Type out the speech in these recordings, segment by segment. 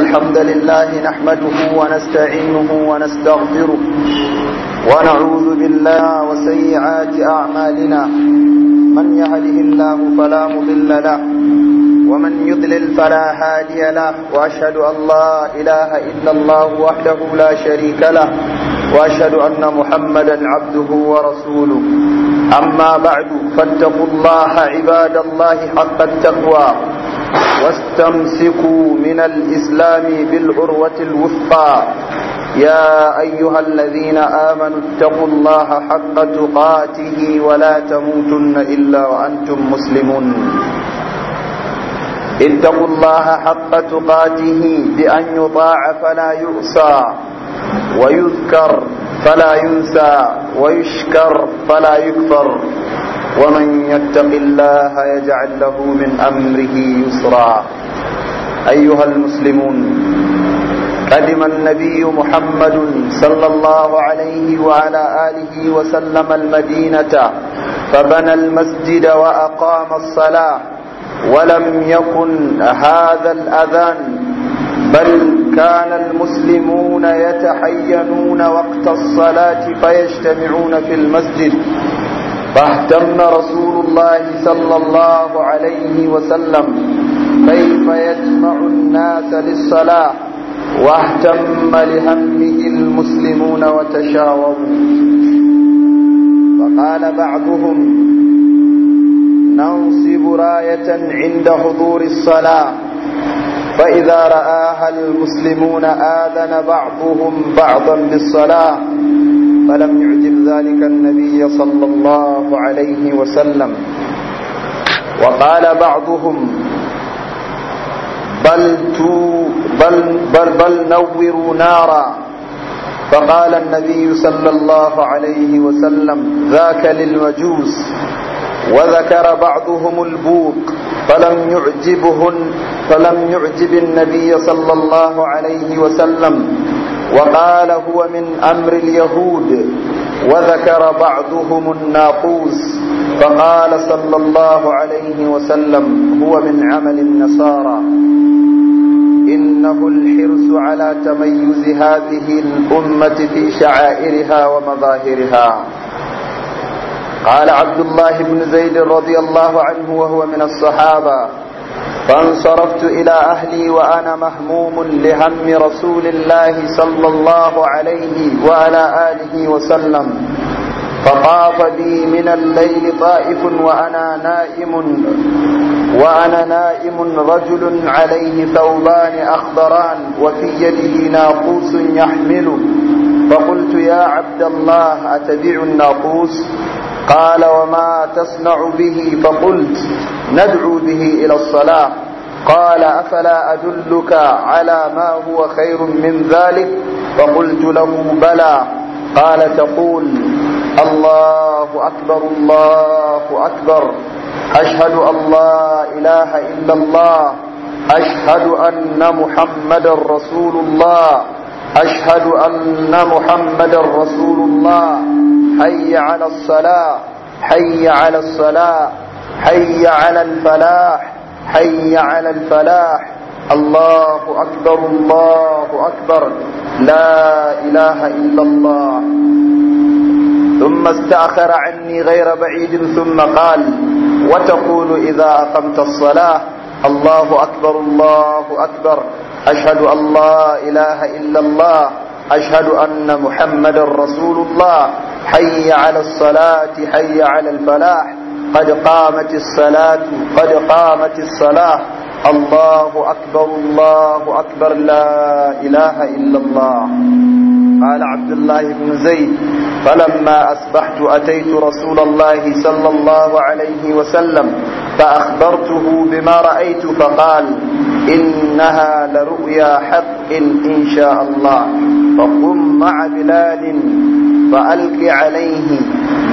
الحمد لله نحمده ونستعينه ونستغفره ونعوذ بالله وسيئات أعمالنا من يهده الله فلا مضل له ومن يضلل فلا هادي له وأشهد أن لا إله إلا الله وحده لا شريك له وأشهد أن محمدا عبده ورسوله أما بعد فاتقوا الله عباد الله حق التقوى واستمسكوا من الإسلام بالعروة الوثقى يا أيها الذين آمنوا اتقوا الله حق تقاته ولا تموتن إلا وأنتم مسلمون اتقوا الله حق تقاته بأن يطاع فلا يعصى ويذكر فلا ينسى ويشكر فلا يكفر ومن يتق الله يجعل له من أمره يسرا أيها المسلمون قدم النبي محمد صلى الله عليه وعلى آله وسلم المدينة فبنى المسجد وأقام الصلاة ولم يكن هذا الأذان بل كان المسلمون يتحينون وقت الصلاة فيجتمعون في المسجد فاهتم رسول الله صلى الله عليه وسلم كيف يجمع الناس للصلاة واهتم لهمه المسلمون وتشاوروا فقال بعضهم ننصب راية عند حضور الصلاة فإذا رآها المسلمون آذن بعضهم بعضا بالصلاة فلم يعجب ذلك النبي صلى الله عليه وسلم وقال بعضهم بل, تو بل, بل, بل نوروا نارا فقال النبي صلى الله عليه وسلم ذاك للمجوس وذكر بعضهم البوق فلم يعجبهن فلم يعجب النبي صلى الله عليه وسلم وقال هو من أمر اليهود وذكر بعضهم الناقوس فقال صلى الله عليه وسلم هو من عمل النصارى إنه الحرص على تميز هذه الأمة في شعائرها ومظاهرها قال عبد الله بن زيد رضي الله عنه وهو من الصحابة فانصرفت إلى أهلي وأنا مهموم لهم رسول الله صلى الله عليه وعلى آله وسلم فطاف بي من الليل طائف وأنا نائم وأنا نائم رجل عليه ثوبان أخضران وفي يده ناقوس يحمله فقلت يا عبد الله أتبع الناقوس قال وما تصنع به فقلت ندعو به إلى الصلاة قال أفلا أدلك على ما هو خير من ذلك فقلت له بلى قال تقول الله أكبر الله أكبر أشهد أن لا إله إلا الله أشهد أن محمد رسول الله أشهد أن محمد رسول الله حي على الصلاة حي على الصلاة حي على الفلاح حي على الفلاح الله أكبر الله أكبر لا إله إلا الله ثم استأخر عني غير بعيد ثم قال وتقول إذا أقمت الصلاة الله أكبر الله أكبر أشهد أن لا إله إلا الله أشهد أن محمد رسول الله حي على الصلاة حي على الفلاح قد قامت الصلاة قد قامت الصلاة الله أكبر الله أكبر لا إله إلا الله قال عبد الله بن زيد فلما أصبحت أتيت رسول الله صلى الله عليه وسلم فأخبرته بما رأيت فقال إنها لرؤيا حق إن شاء الله فقم مع بلال فألق عليه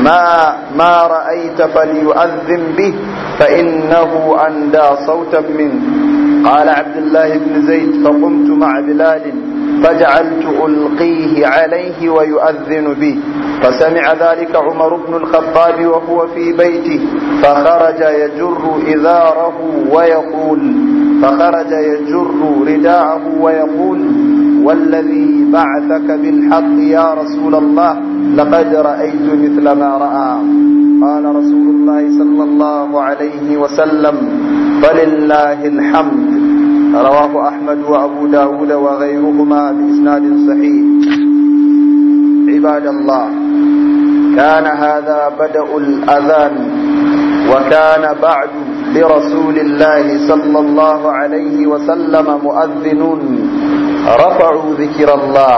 ما ما رأيت فليؤذن به فإنه أندى صوتا منه قال عبد الله بن زيد فقمت مع بلال فجعلت ألقيه عليه ويؤذن به فسمع ذلك عمر بن الخطاب وهو في بيته فخرج يجر إذاره ويقول فخرج يجر رداءه ويقول والذي بعثك بالحق يا رسول الله لقد رأيت مثل ما رأى قال رسول الله صلى الله عليه وسلم فلله الحمد رواه أحمد وأبو داود وغيرهما بإسناد صحيح عباد الله كان هذا بدأ الأذان وكان بعد لرسول الله صلى الله عليه وسلم مؤذنون رفعوا ذكر الله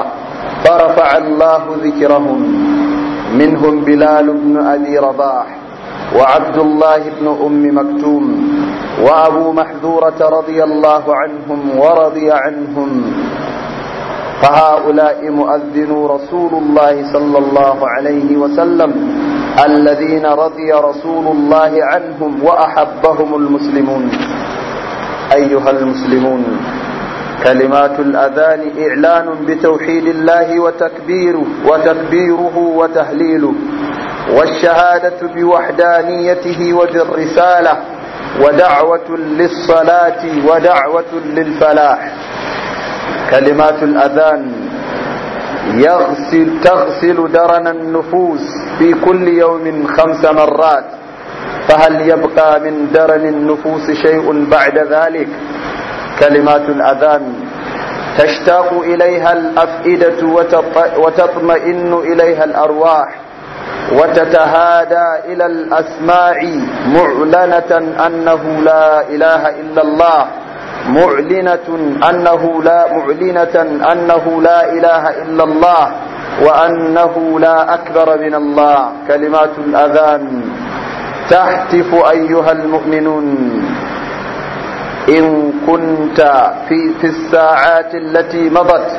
فرفع الله ذكرهم منهم بلال بن أبي رباح وعبد الله بن أم مكتوم وأبو محذورة رضي الله عنهم ورضي عنهم فهؤلاء مؤذنوا رسول الله صلى الله عليه وسلم الذين رضي رسول الله عنهم وأحبهم المسلمون أيها المسلمون كلمات الأذان إعلان بتوحيد الله وتكبيره وتكبيره وتهليله والشهادة بوحدانيته وبالرسالة ودعوة للصلاة ودعوة للفلاح كلمات الأذان يغسل تغسل درن النفوس في كل يوم خمس مرات فهل يبقى من درن النفوس شيء بعد ذلك كلمات الأذان تشتاق إليها الأفئدة وتطمئن إليها الأرواح وتتهادى إلى الأسماع معلنة أنه لا إله إلا الله معلنة أنه لا معلنة أنه لا إله إلا الله وأنه لا أكبر من الله كلمات الأذان تهتف أيها المؤمنون إن كنت في, في الساعات التي مضت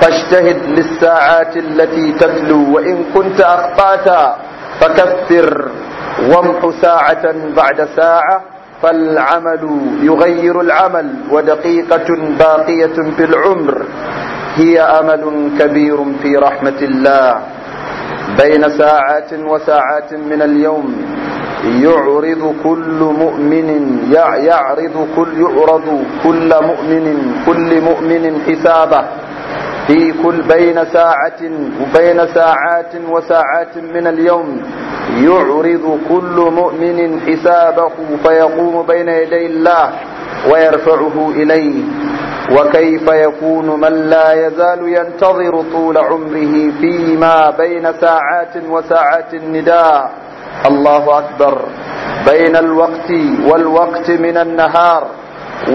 فاجتهد للساعات التي تتلو وإن كنت أخطأت فكثر وامح ساعة بعد ساعة فالعمل يغير العمل ودقيقة باقية في العمر هي أمل كبير في رحمة الله بين ساعات وساعات من اليوم يعرض كل مؤمن يعرض كل يعرض كل مؤمن كل مؤمن حسابه في كل بين ساعة وبين ساعات وساعات من اليوم يعرض كل مؤمن حسابه فيقوم بين يدي الله ويرفعه إليه وكيف يكون من لا يزال ينتظر طول عمره فيما بين ساعات وساعات النداء الله أكبر بين الوقت والوقت من النهار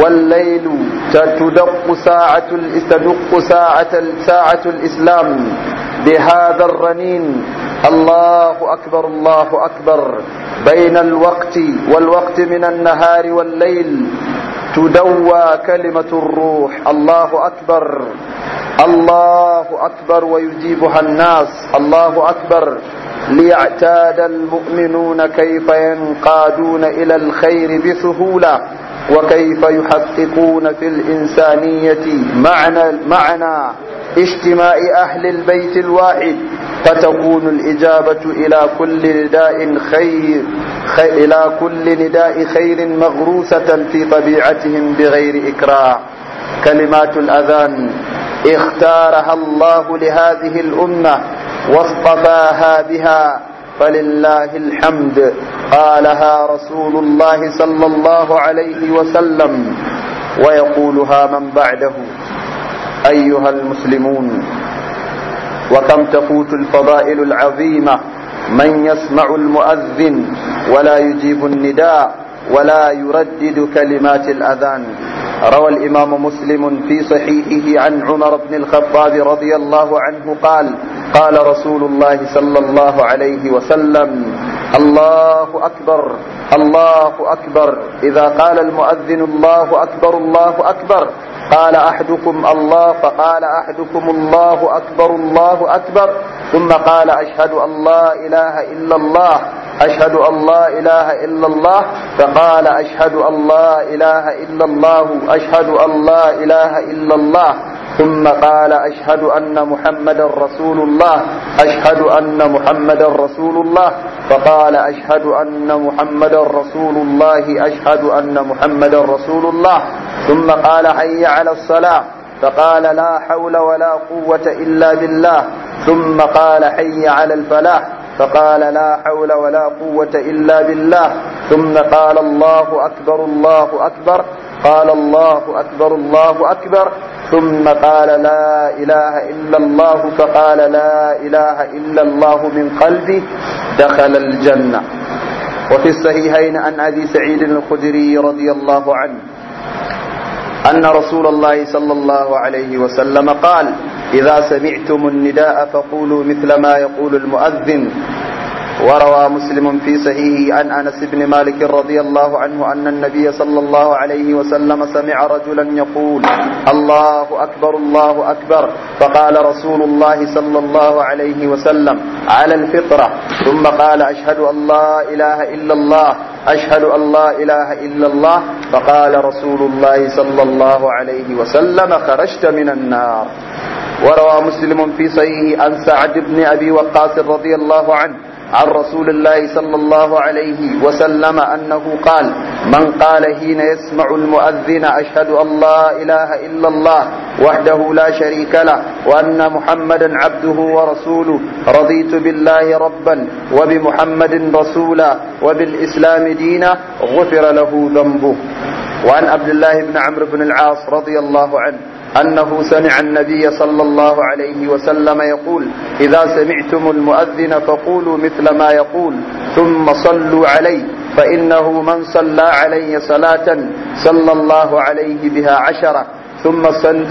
والليل تدق ساعة تدق ساعة ساعة الإسلام بهذا الرنين الله أكبر الله أكبر بين الوقت والوقت من النهار والليل تدوى كلمة الروح الله أكبر الله أكبر ويجيبها الناس الله أكبر ليعتاد المؤمنون كيف ينقادون إلى الخير بسهولة وكيف يحققون في الإنسانية معنى, معنى اجتماع أهل البيت الواحد فتكون الإجابة إلى كل نداء خير خي إلى كل نداء خير مغروسة في طبيعتهم بغير إكراه كلمات الأذان اختارها الله لهذه الأمة واصطفاها بها فلله الحمد قالها رسول الله صلى الله عليه وسلم ويقولها من بعده أيها المسلمون وكم تفوت الفضائل العظيمة من يسمع المؤذن ولا يجيب النداء ولا يردد كلمات الأذان روى الإمام مسلم في صحيحه عن عمر بن الخطاب رضي الله عنه قال قال رسول الله صلى الله عليه وسلم الله أكبر الله أكبر إذا قال المؤذن الله أكبر الله أكبر قال أحدكم الله فقال أحدكم الله أكبر الله أكبر ثم قال أشهد أن لا إله إلا الله أشهد أن لا إله إلا الله فقال أشهد أن لا إله إلا الله أشهد أن لا إله إلا الله ثم قال أشهد أن محمد رسول الله أشهد أن محمد رسول الله فقال أشهد أن محمد رسول الله أشهد أن محمد رسول الله ثم قال حي على الصلاة فقال لا حول ولا قوة إلا بالله ثم قال حي على الفلاح فقال لا حول ولا قوة إلا بالله ثم قال الله أكبر الله أكبر قال الله أكبر الله أكبر ثم قال لا إله إلا الله فقال لا إله إلا الله من قلبه دخل الجنة وفي الصحيحين عن أبي سعيد الخدري رضي الله عنه أن رسول الله صلى الله عليه وسلم قال إذا سمعتم النداء فقولوا مثل ما يقول المؤذن وروى مسلم في صحيحه عن انس بن مالك رضي الله عنه ان النبي صلى الله عليه وسلم سمع رجلا يقول الله اكبر الله اكبر فقال رسول الله صلى الله عليه وسلم على الفطره ثم قال اشهد ان لا اله الا الله أشهد أن لا إله إلا الله فقال رسول الله صلى الله عليه وسلم خرجت من النار وروى مسلم في صحيحه عن سعد بن أبي وقاص رضي الله عنه عن رسول الله صلى الله عليه وسلم أنه قال من قال حين يسمع المؤذن أشهد أن لا إله إلا الله وحده لا شريك له وأن محمدا عبده ورسوله رضيت بالله ربا وبمحمد رسولا وبالإسلام دينا غفر له ذنبه وعن عبد الله بن عمرو بن العاص رضي الله عنه أنه سمع النبي صلى الله عليه وسلم يقول إذا سمعتم المؤذن فقولوا مثل ما يقول ثم صلوا عليه فإنه من صلى علي صلاة صلى الله عليه بها عشرة ثم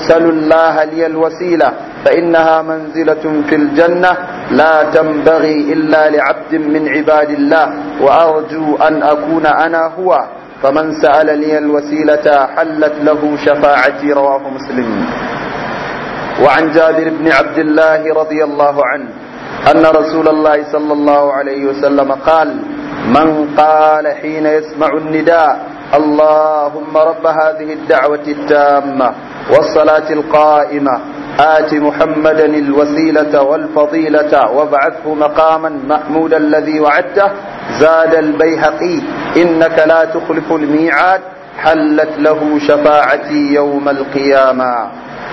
سلوا الله لي الوسيلة فإنها منزلة في الجنة لا تنبغي إلا لعبد من عباد الله وأرجو أن أكون أنا هو فمن سأل لي الوسيلة حلت له شفاعتي رواه مسلم وعن جابر بن عبد الله رضي الله عنه أن رسول الله صلى الله عليه وسلم قال من قال حين يسمع النداء اللهم رب هذه الدعوة التامة والصلاة القائمة آت محمدا الوسيلة والفضيلة وابعثه مقاما محمودا الذي وعدته زاد البيهقي إنك لا تخلف الميعاد حلت له شفاعتي يوم القيامة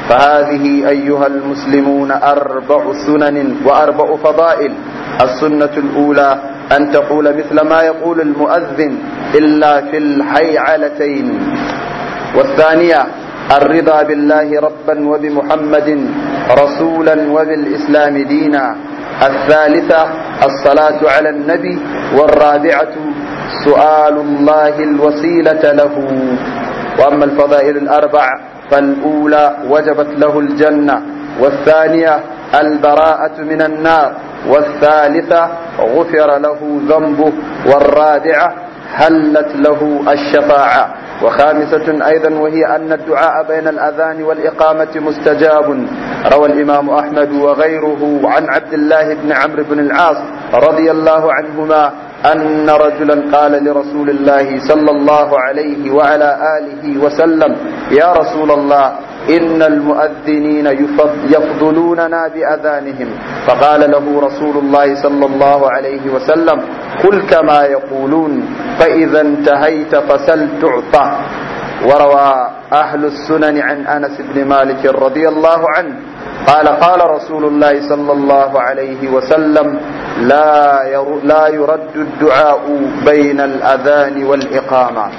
فهذه أيها المسلمون أربع سنن وأربع فضائل السنة الأولى أن تقول مثل ما يقول المؤذن إلا في الحيعلتين والثانية الرضا بالله ربا وبمحمد رسولا وبالإسلام دينا الثالثة الصلاة على النبي والرابعة سؤال الله الوسيلة له وأما الفضائل الأربع فالأولى وجبت له الجنة والثانية البراءة من النار والثالثة غفر له ذنبه والرابعة حلت له الشفاعة وخامسة أيضا وهي أن الدعاء بين الأذان والإقامة مستجاب روى الإمام أحمد وغيره عن عبد الله بن عمرو بن العاص رضي الله عنهما أن رجلا قال لرسول الله صلى الله عليه وعلى آله وسلم يا رسول الله إن المؤذنين يفضلوننا بأذانهم فقال له رسول الله صلى الله عليه وسلم قل كما يقولون فإذا انتهيت فسل تعطى وروى أهل السنن عن أنس بن مالك رضي الله عنه قال قال رسول الله صلى الله عليه وسلم لا لا يرد الدعاء بين الأذان والإقامة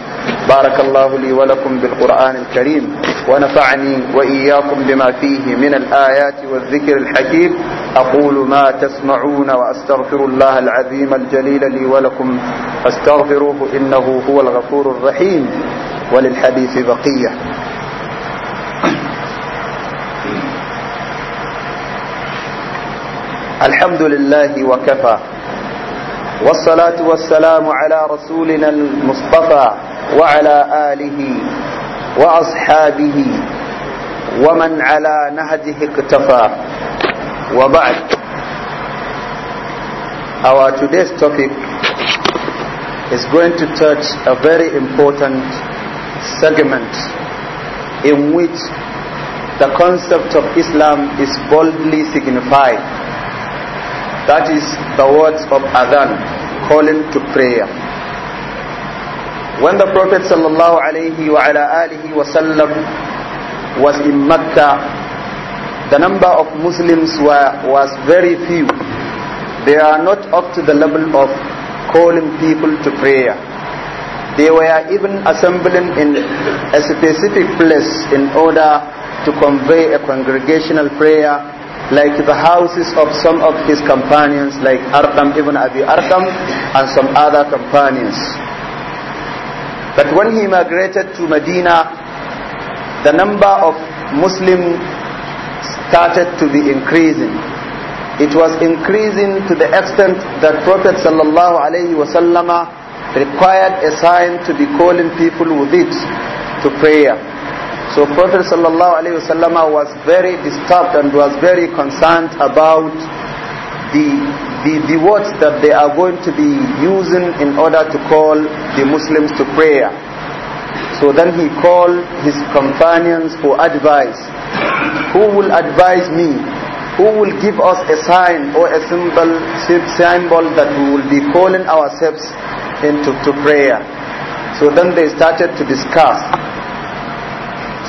بارك الله لي ولكم بالقرآن الكريم ونفعني وإياكم بما فيه من الآيات والذكر الحكيم أقول ما تسمعون وأستغفر الله العظيم الجليل لي ولكم فاستغفروه إنه هو الغفور الرحيم وللحديث بقية الحمد لله وكفى والصلاة والسلام على رسولنا المصطفى وعلى آله وأصحابه ومن على نهجه اقتفى وبعد Our today's topic is going to touch a very important segment in which the concept of Islam is boldly signified That is the words of Adhan, calling to prayer. When the Prophet sallallahu wa sallam was in Mecca, the number of Muslims were, was very few. They are not up to the level of calling people to prayer. They were even assembling in a specific place in order to convey a congregational prayer like the houses of some of his companions like Arqam ibn Abi Arqam and some other companions. But when he migrated to Medina, the number of Muslims started to be increasing. It was increasing to the extent that Prophet sallallahu alaihi wasallam required a sign to be calling people with it to prayer. So Prophet sallallahu was very disturbed and was very concerned about the, the, the words that they are going to be using in order to call the Muslims to prayer. So then he called his companions for advice. Who will advise me? Who will give us a sign or a symbol, symbol that we will be calling ourselves into to prayer? So then they started to discuss.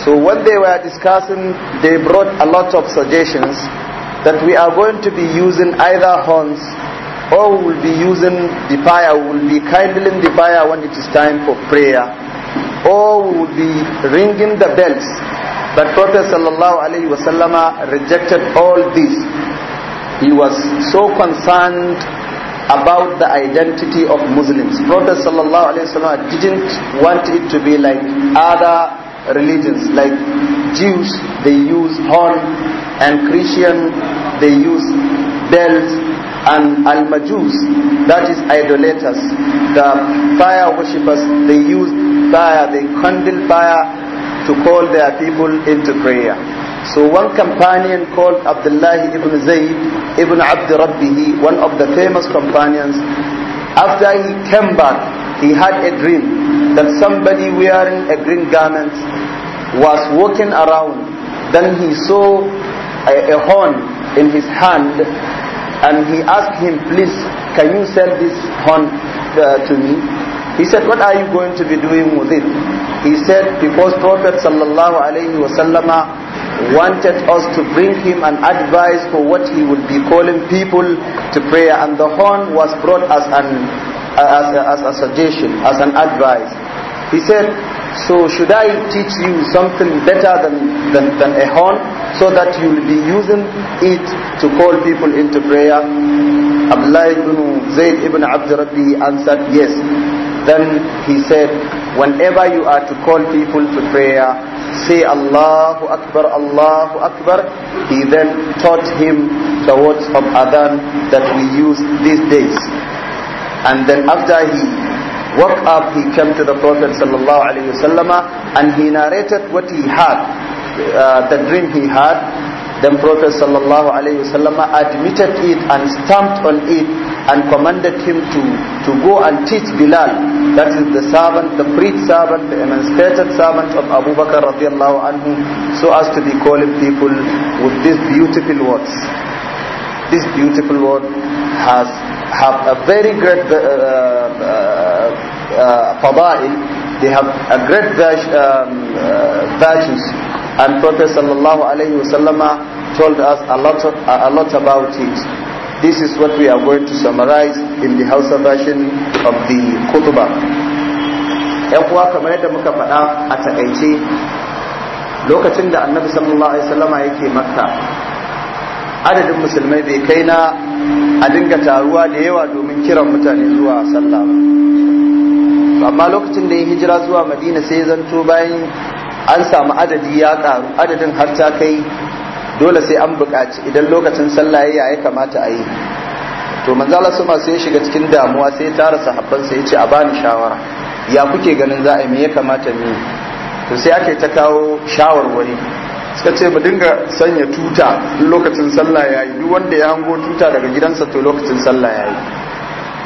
So when they were discussing, they brought a lot of suggestions that we are going to be using either horns or we will be using the fire, we will be kindling the fire when it is time for prayer or we will be ringing the bells. But Prophet ﷺ rejected all this. He was so concerned about the identity of Muslims. Prophet ﷺ didn't want it to be like other religions like Jews they use horn and Christian they use bells and Al-Majus that is idolaters the fire worshippers they use fire they kindle fire to call their people into prayer so one companion called Abdullah ibn Zayd ibn Abd Rabbihi one of the famous companions after he came back he had a dream that somebody wearing a green garment was walking around. Then he saw a, a horn in his hand and he asked him, please, can you sell this horn uh, to me? He said, what are you going to be doing with it? He said, because Prophet sallallahu alaihi wasallam wanted us to bring him an advice for what he would be calling people to prayer. And the horn was brought as an uh, as, a, as a suggestion, as an advice. He said, so should I teach you something better than, than, than a horn so that you'll be using it to call people into prayer? Abdullah ibn Zayd ibn Abdurrahman answered, yes. Then he said, whenever you are to call people to prayer, say Allahu Akbar, Allahu Akbar. He then taught him the words of Adhan that we use these days. And then after he woke up, he came to the Prophet ﷺ and he narrated what he had, uh, the dream he had. Then Prophet ﷺ admitted it and stamped on it and commanded him to, to go and teach Bilal. That is the servant, the freed servant, the emancipated servant of Abu Bakr radiallahu anhu, so as to be calling people with these beautiful words. This beautiful word has have a very great uh, uh, uh, uh they have a great um, uh, virtues. And Prophet sallallahu alayhi wasallam told us a lot, of, a lot about it. This is what we are going to summarize in the Hausa version of the khutbah. ‘Yan kuwa kamar yadda muka faɗa a taƙaice lokacin da annabi sallallahu Alaihi wasallama yake makka adadin musulmai bai kai na a dinga taruwa da yawa domin kiran mutane zuwa sallah ba amma lokacin da ya hijira zuwa madina sai zanto bayan an samu adadi ya karu adadin har ta kai dole sai an buƙaci idan lokacin sallah ya yi kamata a yi to manzala su masu ya shiga cikin damuwa sai ya tara sahabbansa ya ce a bani shawara ya kuke ganin za a yi me ya kamata ne to sai ake ta kawo shawarwari suka ce mu dinga sanya tuta lokacin sallah ya yi duk wanda ya hango tuta daga gidansa to lokacin sallah ya yi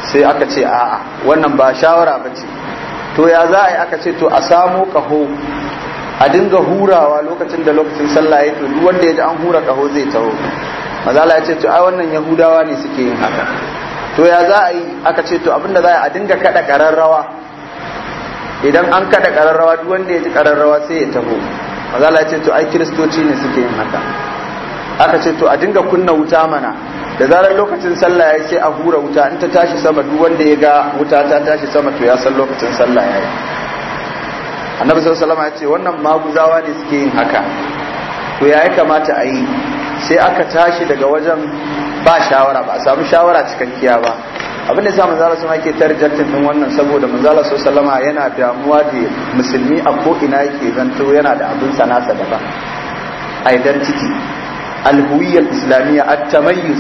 sai aka ce a'a wannan ba shawara ba ce to ya za a yi aka ce to a samo kaho a dinga hurawa lokacin da lokacin sallah ya yi to duk wanda ya ji an hura kaho zai taho mazala ya ce to ai wannan yahudawa ne suke yin haka to ya za a yi aka ce to abinda za a dinga kada kararrawa idan an kada kararrawa duk wanda ya ji kararrawa sai ya taho mazala ya ce to ai kiristoci ne suke yin haka aka ce to a dinga kunna wuta mana da zarar lokacin sallah ya sai a hura wuta in ta tashi sama duk wanda ya ga wuta ta tashi sama to ya san lokacin sallah ya yi annabi sallallahu ya ce wannan maguzawa ne suke yin haka to ya kamata a yi sai aka tashi daga wajen ba shawara ba a samu shawara cikakkiya ba abin da sa manzala sama ke tarjantin din wannan saboda manzala so sallama yana damuwa da musulmi a ko ina yake zanto yana da abin sana sa daban identity alhuwiyyar islamiyya at-tamayyuz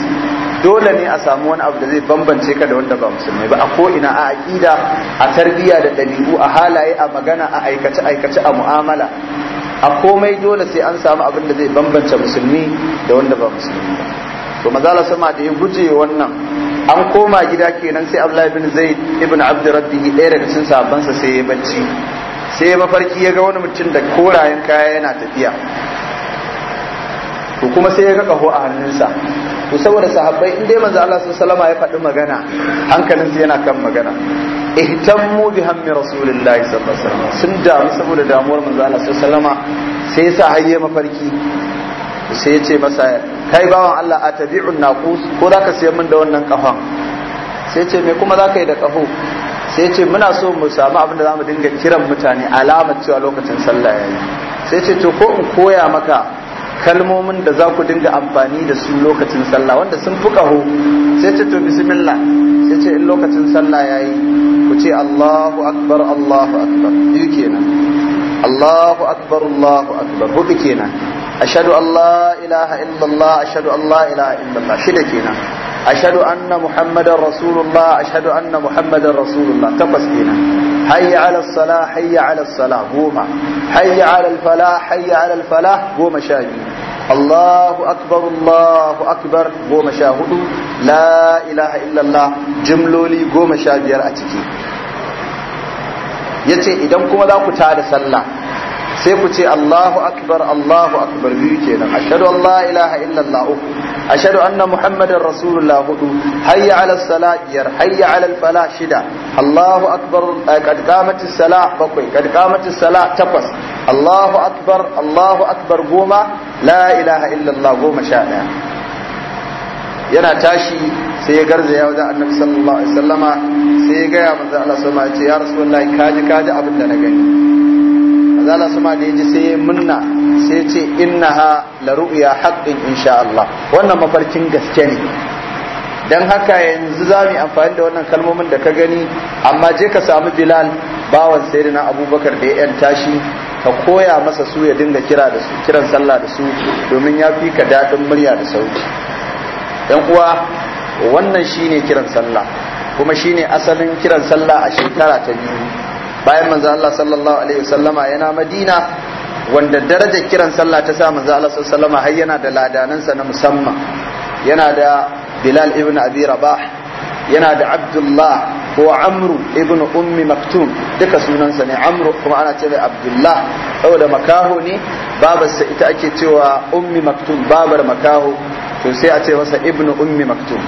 dole ne a samu wani abu da zai bambance ka da wanda ba musulmi ba a ko ina a aqida a tarbiyya da dabi'u a halaye a magana a aikace aikace a mu'amala a komai dole sai an samu abin da zai bambance musulmi da wanda ba musulmi ba to manzala sama da ya guje wannan an koma gida kenan sai Abdullahi ibn Zaid ibn Abd Rabbih ɗaya daga cikin sabansa sai ya bacci sai ya mafarki ya ga wani mutum da korayen kaya yana tafiya to kuma sai ya ga kaho a hannunsa to saboda sahabbai in dai manzo Allah sallallahu alaihi ya faɗi magana hankalin sai yana kan magana ihtammu bi hammi rasulillahi sallallahu alaihi wasallam sun damu saboda damuwar manzo Allah sallallahu alaihi sai ya sa hayye mafarki sai ya ce masa kai bawan Allah a tabi'un naqus ko za ka siya min da wannan kafan sai ce me kuma za ka yi da kafo sai ce muna so mu samu abin da za mu dinga kiran mutane alamar cewa lokacin sallah ya yi sai ce to ko in koya maka kalmomin da za ku dinga amfani da su lokacin sallah wanda sun fi kaho sai ce to bismillah sai ce in lokacin sallah ya yi ku ce Allahu akbar Allahu akbar biyu kenan Allahu akbar Allahu akbar hudu kenan ashhadu an la ilaha illallah ashhadu an la ilaha illallah shida kenan ashhadu anna muhammadar rasulullah ashhadu anna muhammadar rasulullah takwas kenan حي على الصلاة حي على الصلاة قوما حي على الفلاح حي على الفلاح قوم akbar الله أكبر الله أكبر قوم شاهدوا لا إله إلا الله جملولي قوم شاهد يرأتكي yace idan kuma za ku tada sallah sai ku ce Allahu akbar Allahu akbar biyu kenan ashhadu an la ilaha illallah uku ashhadu anna muhammadar rasulullah hudu hayya ala salat biyar hayya ala falah shida Allahu akbar qad eh, qamatis salah bakwai qad qamatis salah takwas Allahu akbar Allahu akbar goma la ilaha illallah goma sha daya yana tashi sai ya garzaya wajen annabi sallallahu alaihi wasallama sai ya gaya manzo Allah sallallahu alaihi wasallam ya ce ya rasulullahi kaji kaji abin da na gani zala sama da yaji sai ya munna sai ya ce ha la ru'ya haqqin insha Allah wannan mafarkin gaske ne dan haka yanzu za mu amfani da wannan kalmomin da ka gani amma je ka samu Bilal bawan sayyidina Abubakar da ya yanta shi ka koya masa su ya dinga kira da su kiran sallah da su domin ya fi ka daɗin murya da sauki dan uwa wannan shine kiran sallah kuma shine asalin kiran sallah a shekara ta biyu bayan manzo Allah sallallahu alaihi wasallama yana Madina wanda darajar kiran sallah ta sa manzo Allah sallallahu alaihi har yana da ladanansa na musamman yana da Bilal ibn Abi Rabah yana da Abdullah ko Amru ibn Ummi Maktum duka sunansa ne Amru kuma ana ce mai Abdullah saboda makaho ne babarsa ita ake cewa Ummi Maktum babar makaho to sai a ce masa ibn Ummi Maktum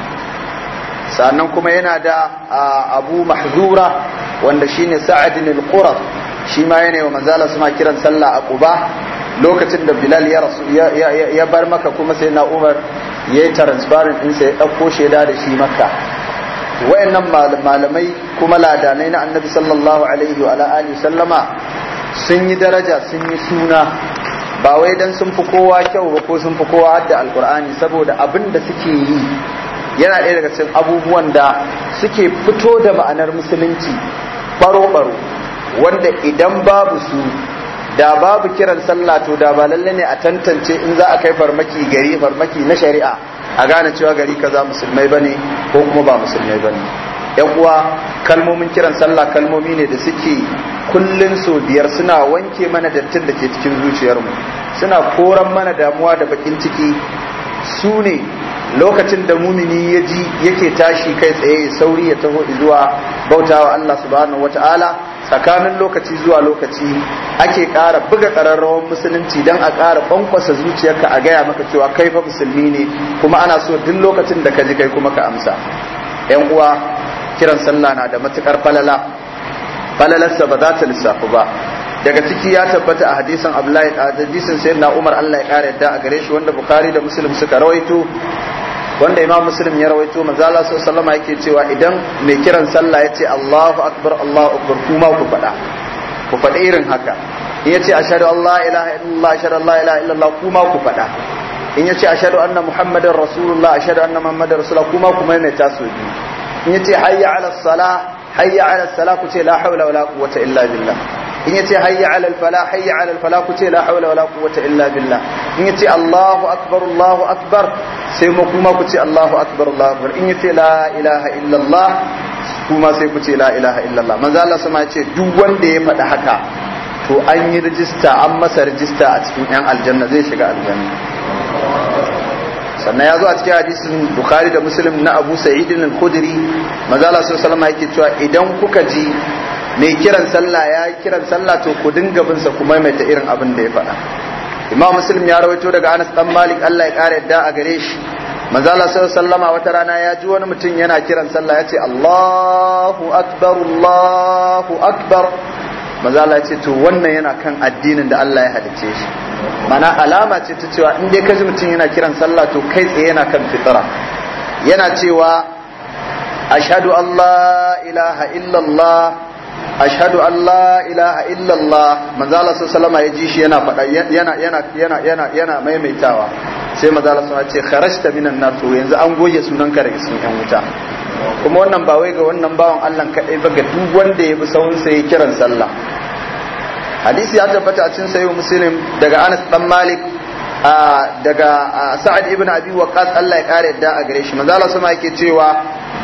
sannan kuma yana da abu mahzura wanda shine sa'adin al-qurat shi ma yana wa manzala suma kiran sallah a quba lokacin da bilal ya rasu ya bar maka kuma sai na umar ya yi transparent ɗinsa ya ɗauko shaida da shi maka wayannan malamai kuma ladanai na annabi sallallahu alaihi wa alihi sallama sun yi daraja sun yi suna ba wai dan sun fi kowa kyau ba ko sun fi kowa hadda alkur'ani saboda abin da suke yi yana ɗaya daga cikin abubuwan da suke fito da ma'anar musulunci baro-baro wanda idan babu su da babu kiran sallah to da ba lalle ne a tantance in za a kai farmaki gari farmaki na shari'a a gane cewa gari kaza musulmai bane ko kuma ba musulmai bane yan uwa kalmomin kiran sallah kalmomi ne da suke kullun so biyar suna wanke mana dattin da ke cikin zuciyarmu suna koran mana damuwa da bakin ciki su ne lokacin da mumini ya ji yake tashi kai tsaye sauri ya taho zuwa bautawa Allah subhanahu ta'ala tsakanin lokaci zuwa lokaci ake ƙara buga ƙararrawar musulunci don a ƙara ƙwanƙwasa zuciyarka a gaya maka cewa kai fa musulmi ne kuma ana so duk lokacin da ka ji kai kuma ka amsa yan uwa kiran sallah na da matukar falala falalarsa ba za ta lissafi ba daga ciki ya tabbata a hadisin Abdullahi a hadisin Sayyidina Umar Allah ya kare yadda a gare shi wanda Bukhari da Muslim suka rawaito wanda Imam Muslim ya rawaito manzo Allah sallallahu alaihi yake cewa idan mai kiran sallah ya ce Allahu akbar Allahu akbar kuma ku faɗa ku faɗa irin haka in ya ce ashhadu an la ilaha illallah ashhadu an la ilaha illallah kuma ku faɗa in ya ce ashhadu anna muhammadar rasulullah ashhadu anna muhammadar rasulullah kuma ku maimaita su biyu in ya ce hayya ala salah hayya ala salah ku ce la hawla wala quwwata illa billah in yace hayya alal fala hayya alal fala ku ce la hawla wala quwwata illa billah in yace Allahu akbar Allahu akbar sai mu kuma ku ce Allahu akbar Allahu akbar in yace la ilaha illa Allah kuma sai ku ce la ilaha illa Allah manzo Allah sama yace duk wanda ya faɗi haka to an yi rijista an masa rijista a cikin yan aljanna zai shiga aljanna sannan ya zo a cikin hadisin bukhari da muslim na abu sa'idin al-khudri manzo Allah sallallahu alaihi wasallam yake cewa idan kuka ji mai kiran sallah ya kiran sallah to ku dinga bin sa ku maimaita irin abin da ya faɗa imam muslim ya rawaito daga anas dan malik Allah ya kare yadda a gare shi manzo Allah sallama wata rana ya ji wani mutum yana kiran sallah ya ce Allahu akbar Allahu akbar manzo Allah ya ce to wannan yana kan addinin da Allah ya halicce shi mana alama ce ta cewa in dai ji mutum yana kiran sallah to kai tsaye yana kan fitra yana cewa ashhadu an la ilaha illallah ashhadu an la ilaha illallah manzo Allah sallallahu ya ji shi yana faɗa yana yana yana yana yana maimaitawa sai manzo Allah sallallahu ce kharajta minan nar to yanzu an goge sunanka daga cikin yan wuta kuma wannan ba wai ga wannan bawan Allah kadai ba ga duk wanda ya bi sahun sai kiran sallah hadisi ya tabbata a cikin sahih muslim daga Anas dan Malik daga Sa'ad ibn Abi Waqqas Allah ya kare da a gare shi manzo Allah sallallahu alaihi yake cewa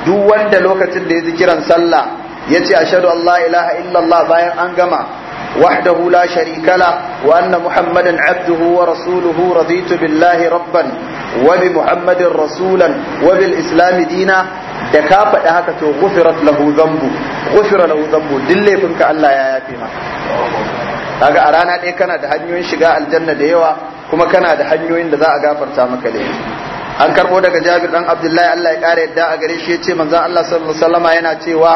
duk wanda lokacin da ya ji kiran sallah yace ashhadu an la ilaha illallah bayan an gama wahdahu la sharika la wa anna muhammadan abduhu wa rasuluhu raditu billahi rabban wa bi muhammadin rasulan wa bil islam dina da ka faɗi haka to ghufirat lahu dhanbu ghufira lahu dhanbu duk laifinka Allah ya yafe ma kaga a rana ɗaya kana da hanyoyin shiga aljanna da yawa kuma kana da hanyoyin da za a gafarta maka da an karbo daga jabir dan abdullahi Allah ya kare yadda a gare shi yace manzon Allah sallallahu alaihi wasallama yana cewa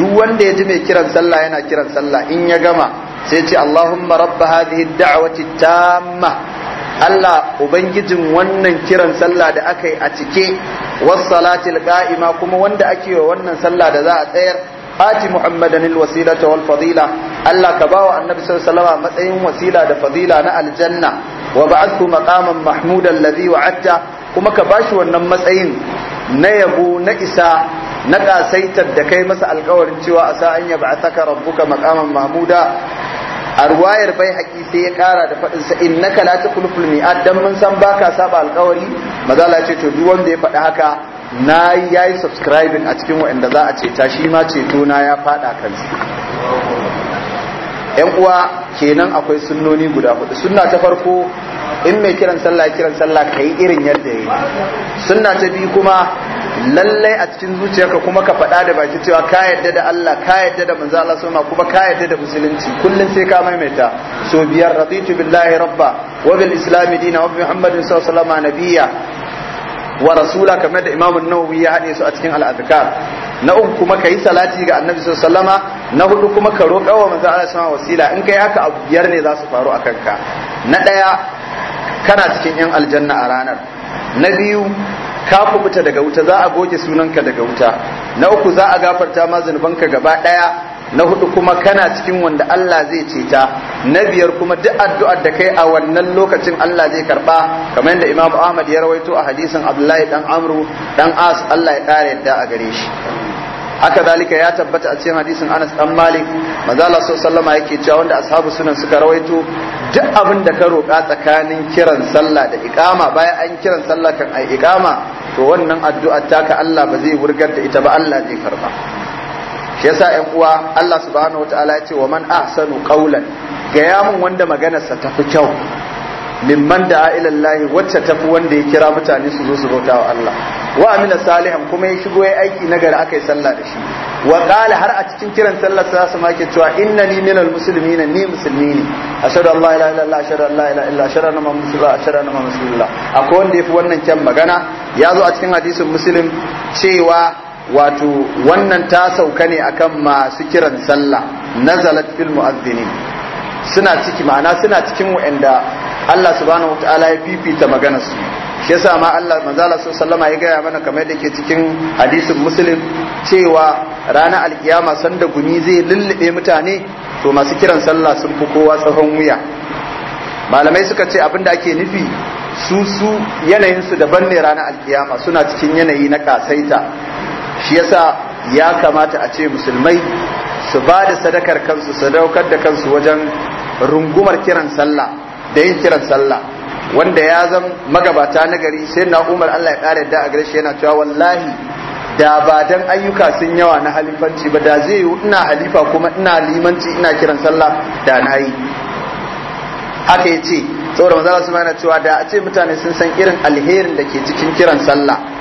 duk wanda ya ji mai kiran sallah yana kiran sallah in ya gama sai ce Allahumma rabba hadhihi ad-da'wati tamma Allah ubangijin wannan kiran sallah da aka yi a cike was salatil qa'ima kuma wanda ake wa wannan sallah da za a tsayar ati muhammadan alwasilata wal fadila Allah ka bawa annabi sallallahu alaihi wasallam matsayin wasila da fadila na aljanna wa ba'athu maqaman mahmudan alladhi wa'adta kuma ka bashi wannan matsayin na yabo na isa na kasaitar da kai masa alkawarin cewa a sa'an ya saka rabbuka makaman mahmuda a ruwayar bai haƙi sai ya ƙara da faɗin sa in naka la tukulful mi'ad dan mun san baka saba alkawari la ce to duk wanda ya faɗi haka na yayi subscribing a cikin waɗanda za a ceta shi ma ceto na ya faɗa kansa yan uwa kenan akwai sunnoni guda hudu sunna ta farko in mai kiran sallah kiran sallah kai irin yadda yayi sunna ta biyu kuma lallai a cikin zuciyarka kuma ka faɗa da baki cewa ka yarda da Allah ka yarda da manzo Allah sunna kuma ka yarda da musulunci kullun sai ka maimaita so biyar raditu billahi rabba wa bil islam dina wa bi muhammadin sallallahu alaihi wasallam nabiyya wa rasula kamar da imamun nawawi ya hade su a cikin adhkar na uku kuma ka salati ga annabi sallama na hudu kuma ka roƙa wa manzo Allah wasila in kai haka abu biyar ne za su faru akan ka. na ɗaya kana cikin yan aljanna a ranar na biyu ka fita daga wuta za a goge sunanka daga wuta na uku za a gafarta ma zunubanka gaba daya na hudu kuma kana cikin wanda Allah zai ceta na biyar kuma duk addu'ar da kai a wannan lokacin Allah zai karba kamar yadda Imam Ahmad ya rawaito a hadisin Abdullahi dan Amru dan As Allah ya kare yadda a gare shi haka zalika ya tabbata a cikin hadisin Anas dan Malik manzo Allah sallama yake cewa wanda ashabu sunan suka rawaito duk abin da ka roƙa tsakanin kiran sallah da iqama bayan an kiran sallah kan ai iqama to wannan addu'ar taka Allah ba zai wurgar da ita ba Allah zai karba shi yasa ƴan uwa Allah subhanahu wataala ya ce wa man ahsanu qawlan ga yamin wanda maganarsa ta fi kyau mimman da ila Allah wacce tafi wanda ya kira mutane su zo su bauta wa Allah wa amina salihan kuma ya shigo ya aiki nagari aka yi sallah da shi wa qala har a cikin kiran sallar sa su make cewa innani minal muslimina ni musulmi ne ashhadu an la ilaha allah ashhadu an la ilaha illa ashhadu anna muhammadan ashhadu anna muhammadan akwai wanda yafi wannan kyan magana ya zo a cikin hadisin muslim cewa wato wannan ta sauka ne akan masu kiran sallah nazalat fil mu'adhdhinin suna ciki ma'ana suna cikin wa'anda Allah subhanahu wataala ya fifita maganarsu su shi yasa ma Allah manzala sallama ya gaya mana kamar da ke cikin hadisin muslim cewa ranar alkiyama sanda gumi zai lullube mutane to masu kiran sallah sun fi kowa tsahon wuya malamai suka ce abin da ake nufi su su yanayin daban ne ranar alkiyama suna cikin yanayi na kasaita shi yasa ya kamata a ce musulmai su ba da sadakar kansu sadaukar da kansu wajen rungumar kiran sallah da yin kiran sallah wanda ya zan magabata na gari sai na umar Allah ya ƙara yadda a gare shi yana cewa wallahi da ba dan ayyuka sun yawa na halifanci ba da zai yi ina halifa kuma ina limanci ina kiran sallah da na yi haka ya ce tsoron maza su mana cewa da a ce mutane sun san irin alherin da ke cikin kiran sallah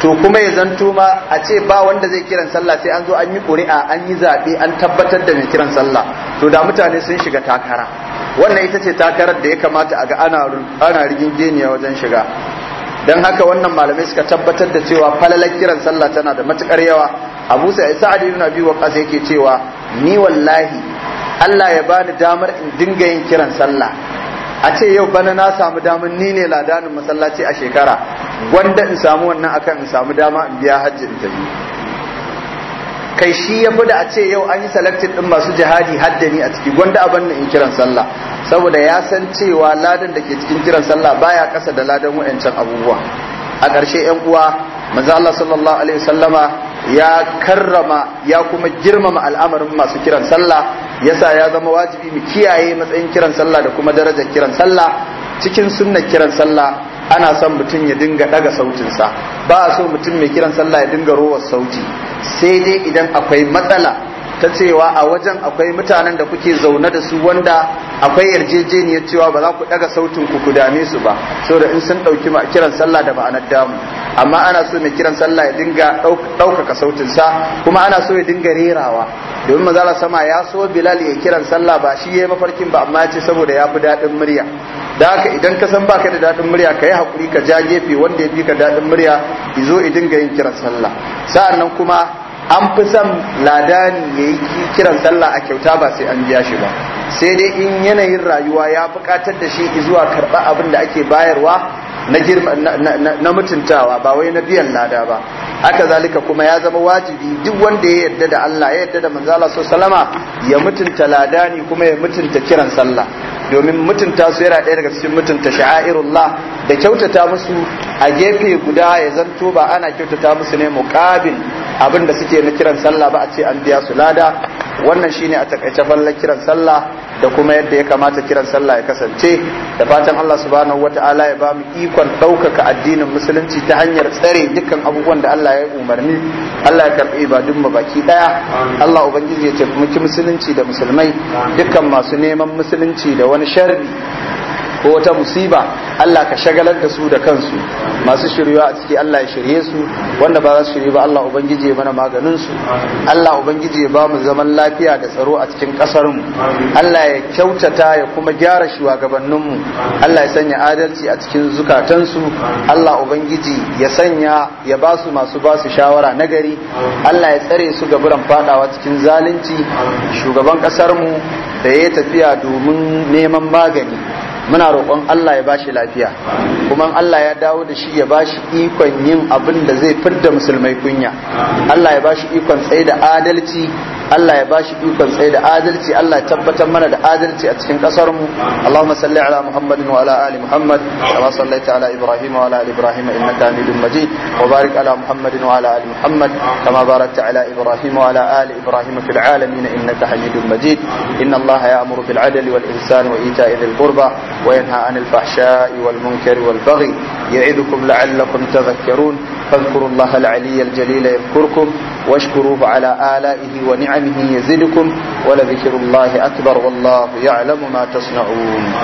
to kuma ya zanto ma a ce ba wanda zai kiran sallah sai an zo an yi ƙuri'a an yi zaɓe an tabbatar da mai kiran sallah to da mutane sun shiga takara wannan ita ce takarar da ya kamata a ga ana rigingeniya wajen shiga don haka wannan malamai suka tabbatar da cewa falalar kiran sallah tana da matukar yawa abu yana biyu wa ƙasa yake cewa ni wallahi Allah ya bani damar in dinga yin kiran sallah a ce yau bana na samu damar ni ne ladanin masallaci a shekara gwanda in samu wannan akan in samu dama in biya hajji in tafi kai shi ya fi da a ce yau an yi selected din masu jihadi haddani a ciki gwanda abin da in kiran sallah saboda ya san cewa ladan da ke cikin kiran sallah baya kasa da ladan wayancan abubuwa a ƙarshe yan uwa manzo Allah sallallahu alaihi wasallama ya karrama ya kuma girmama al'amarin masu kiran sallah yasa ya zama wajibi mu kiyaye matsayin kiran sallah da kuma darajar kiran sallah cikin sunnar kiran sallah ana son mutum ya dinga daga sautinsa ba a so mutum mai kiran sallah ya dinga rowar sauti sai dai idan akwai matsala ta cewa a wajen akwai mutanen da kuke zaune da su wanda akwai yarjejeniyar cewa ba za ku daga sautin ku ku dame su ba saboda in sun dauki kiran sallah da ma'anar damu amma ana so mai kiran sallah ya dinga ɗaukaka sa kuma ana so ya dinga rerawa domin mazala sama ya so bilal ya kiran sallah ba shi ya mafarkin ba amma ya ce saboda ya fi daɗin murya da haka idan ka san baka da daɗin murya ka yi haƙuri ka ja gefe wanda ya fi ka daɗin murya izo idin ga yin kiran sallah sa'an nan kuma an fi son ladani ya yi kiran sallah a kyauta ba sai an biya shi ba sai dai in yanayin rayuwa ya buƙatar da shi zuwa karɓa abin da ake bayarwa na mutuntawa ba wai na biyan lada ba haka zalika kuma ya zama wajibi duk wanda ya yarda da Allah ya yarda da Manzala sallama ya mutunta ladani kuma ya mutunta kiran sallah domin mutunta su yana ɗaya daga cikin mutunta sha'airullah da kyautata musu a gefe guda ya zanto ba ana kyautata musu ne muƙabin abin da suke na kiran sallah ba a ce an biya su lada wannan shine a takaice fallon kiran sallah da kuma yadda ya kamata kiran sallah ya kasance da fatan Allah subhanahu wata'ala ya ba mu ikon ɗaukaka addinin musulunci ta hanyar tsare dukkan abubuwan da Allah ya umarni Allah ya karɓi ibadun mu baki ɗaya Allah ubangiji ya taimaki musulunci da musulmai dukkan masu neman musulunci da wani sharri ko wata musiba Allah ka shagalar da su da kansu masu shiryuwa a ciki Allah ya shirye su wanda ba za su shirye ba Allah ubangiji ya mana maganin su Allah ubangiji ya ba mu zaman lafiya da tsaro a cikin kasar mu Allah ya kyautata ya kuma gyara shugabannin mu Allah ya sanya adalci a cikin zukatan su Allah ubangiji ya sanya ya ba su masu ba su shawara nagari Allah ya tsare su ga buran fadawa cikin zalunci shugaban kasar mu da ya tafiya domin neman magani muna roƙon Allah ya bashi lafiya kuma Allah ya dawo da shi ya bashi ikon yin abin da zai fidda musulmai kunya Allah ya bashi ikon tsaye da adalci Allah ya bashi dukan tsaye da adalci Allah ya tabbatar mana da adalci a cikin kasar mu Allahumma salli ala Muhammadin wa ala ali Muhammad kama sallaita ala Ibrahim wa ala ali Ibrahim innaka Hamidum Majid wa barik ala Muhammadin wa ala ali Muhammad kama barakta ala Ibrahim wa ala ali Ibrahim fil alamin innaka Hamidum Majid inna Allah ya'muru bil adli wal ihsan wa ita'i dhil qurba wa yanha 'anil fahsha'i wal munkari wal baghi ya'idukum la'allakum tadhakkarun fadhkurullaha al-'aliyyal jalil yadhkurkum washkuruhu ala على wa ni'am ونعمه يزدكم ولذكر الله أكبر والله يعلم ما تصنعون